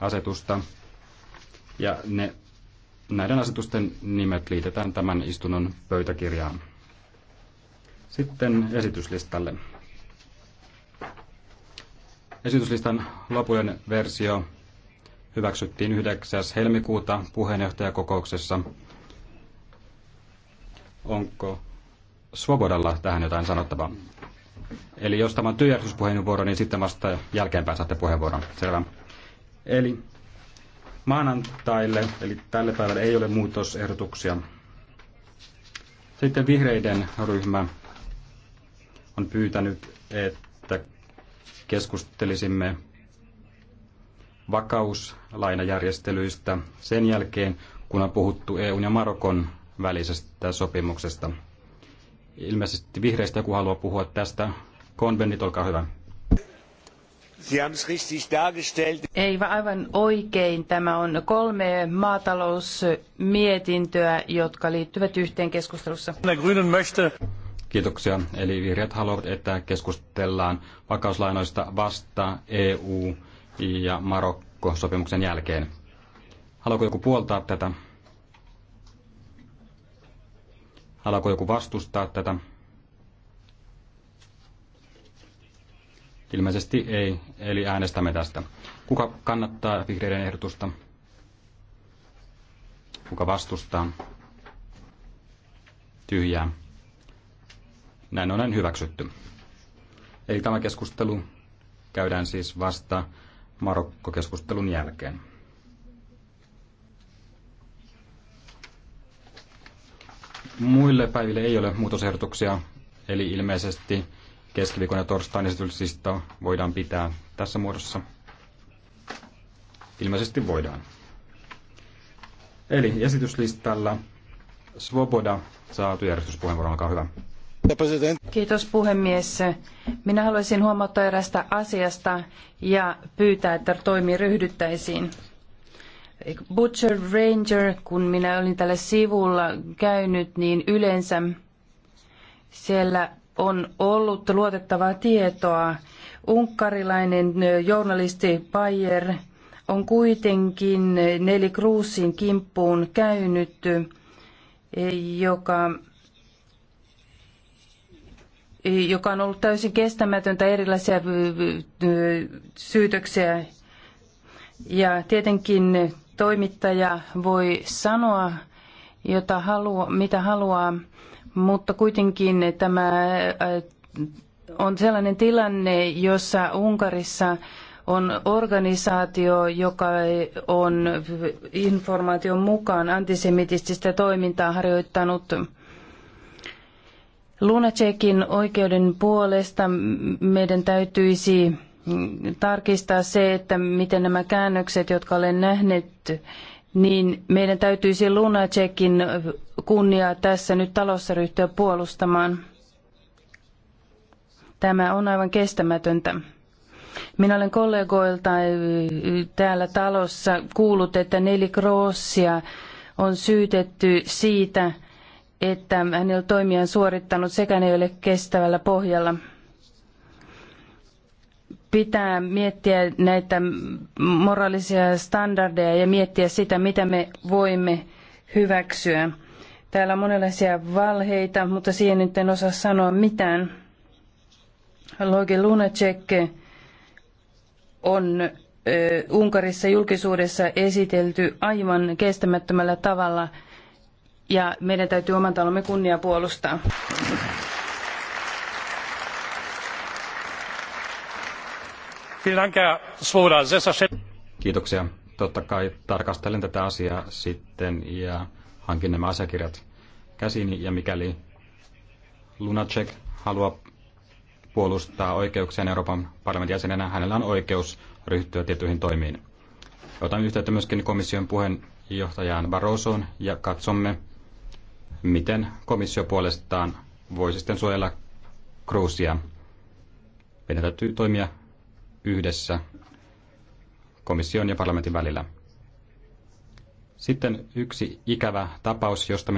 asetusta. Ja ne, näiden asetusten nimet liitetään tämän istunnon pöytäkirjaan. Sitten esityslistalle. Esityslistan lopullinen versio hyväksyttiin 9. helmikuuta puheenjohtajakokouksessa. Onko Svobodalla tähän jotain sanottavaa? Eli jos tämä on työjärjestyspuheenvuoro, niin sitten vasta jälkeenpäin saatte puheenvuoron. Selvä. Eli maanantaille, eli tälle päivälle ei ole muutosehdotuksia. Sitten vihreiden ryhmä on pyytänyt, että keskustelisimme vakauslainajärjestelyistä sen jälkeen, kun on puhuttu EUn ja Marokon välisestä sopimuksesta. Ilmeisesti vihreistä joku haluaa puhua tästä. Konventit, olkaa hyvä. Ei aivan oikein. Tämä on kolme maatalousmietintöä, jotka liittyvät yhteen keskustelussa. Kiitoksia. Eli vihreät haluavat, että keskustellaan vakauslainoista vasta EU- ja Marokko-sopimuksen jälkeen. Haluaako joku puoltaa tätä? Haluaako joku vastustaa tätä? Ilmeisesti ei, eli äänestämme tästä. Kuka kannattaa vihreiden ehdotusta? Kuka vastustaa? Tyhjää. Näin on hyväksytty. Eli tämä keskustelu käydään siis vasta Marokko-keskustelun jälkeen. Muille päiville ei ole muutosehdotuksia, eli ilmeisesti keskiviikon ja torstain esityksistä voidaan pitää tässä muodossa? Ilmeisesti voidaan. Eli esityslistalla Svoboda saa työjärjestyspuheenvuoron, olkaa hyvä. Kiitos puhemies. Minä haluaisin huomauttaa erästä asiasta ja pyytää, että toimi ryhdyttäisiin. Butcher Ranger, kun minä olin tällä sivulla käynyt, niin yleensä siellä on ollut luotettavaa tietoa. Unkarilainen journalisti Bayer on kuitenkin Neli Kruusin kimppuun käynyt, joka, joka on ollut täysin kestämätöntä erilaisia syytöksiä. Ja tietenkin toimittaja voi sanoa, jota haluaa, mitä haluaa, mutta kuitenkin tämä äh, on sellainen tilanne, jossa Unkarissa on organisaatio, joka on informaation mukaan antisemitististä toimintaa harjoittanut Lunacekin oikeuden puolesta meidän täytyisi tarkistaa se, että miten nämä käännökset, jotka olen nähnyt, niin meidän täytyisi Lunacekin kunniaa tässä nyt talossa ryhtyä puolustamaan. Tämä on aivan kestämätöntä. Minä olen kollegoilta äh, täällä talossa kuullut, että Neli Kroosia on syytetty siitä, että hän on toimiaan suorittanut sekä ne ei ole kestävällä pohjalla pitää miettiä näitä moraalisia standardeja ja miettiä sitä, mitä me voimme hyväksyä. Täällä on monenlaisia valheita, mutta siihen nyt en osaa sanoa mitään. Logi Lunacek on Unkarissa julkisuudessa esitelty aivan kestämättömällä tavalla ja meidän täytyy oman talomme kunnia puolustaa. Kiitoksia. Totta kai tarkastelen tätä asiaa sitten ja hankin nämä asiakirjat käsini ja mikäli Lunacek haluaa puolustaa oikeuksia Euroopan parlamentin jäsenenä, hänellä on oikeus ryhtyä tiettyihin toimiin. Otan yhteyttä myöskin komission puheenjohtajaan Barrosoon ja katsomme, miten komissio puolestaan voisi sitten suojella Kruusia. Meidän täytyy toimia yhdessä komission ja parlamentin välillä. Sitten yksi ikävä tapaus, josta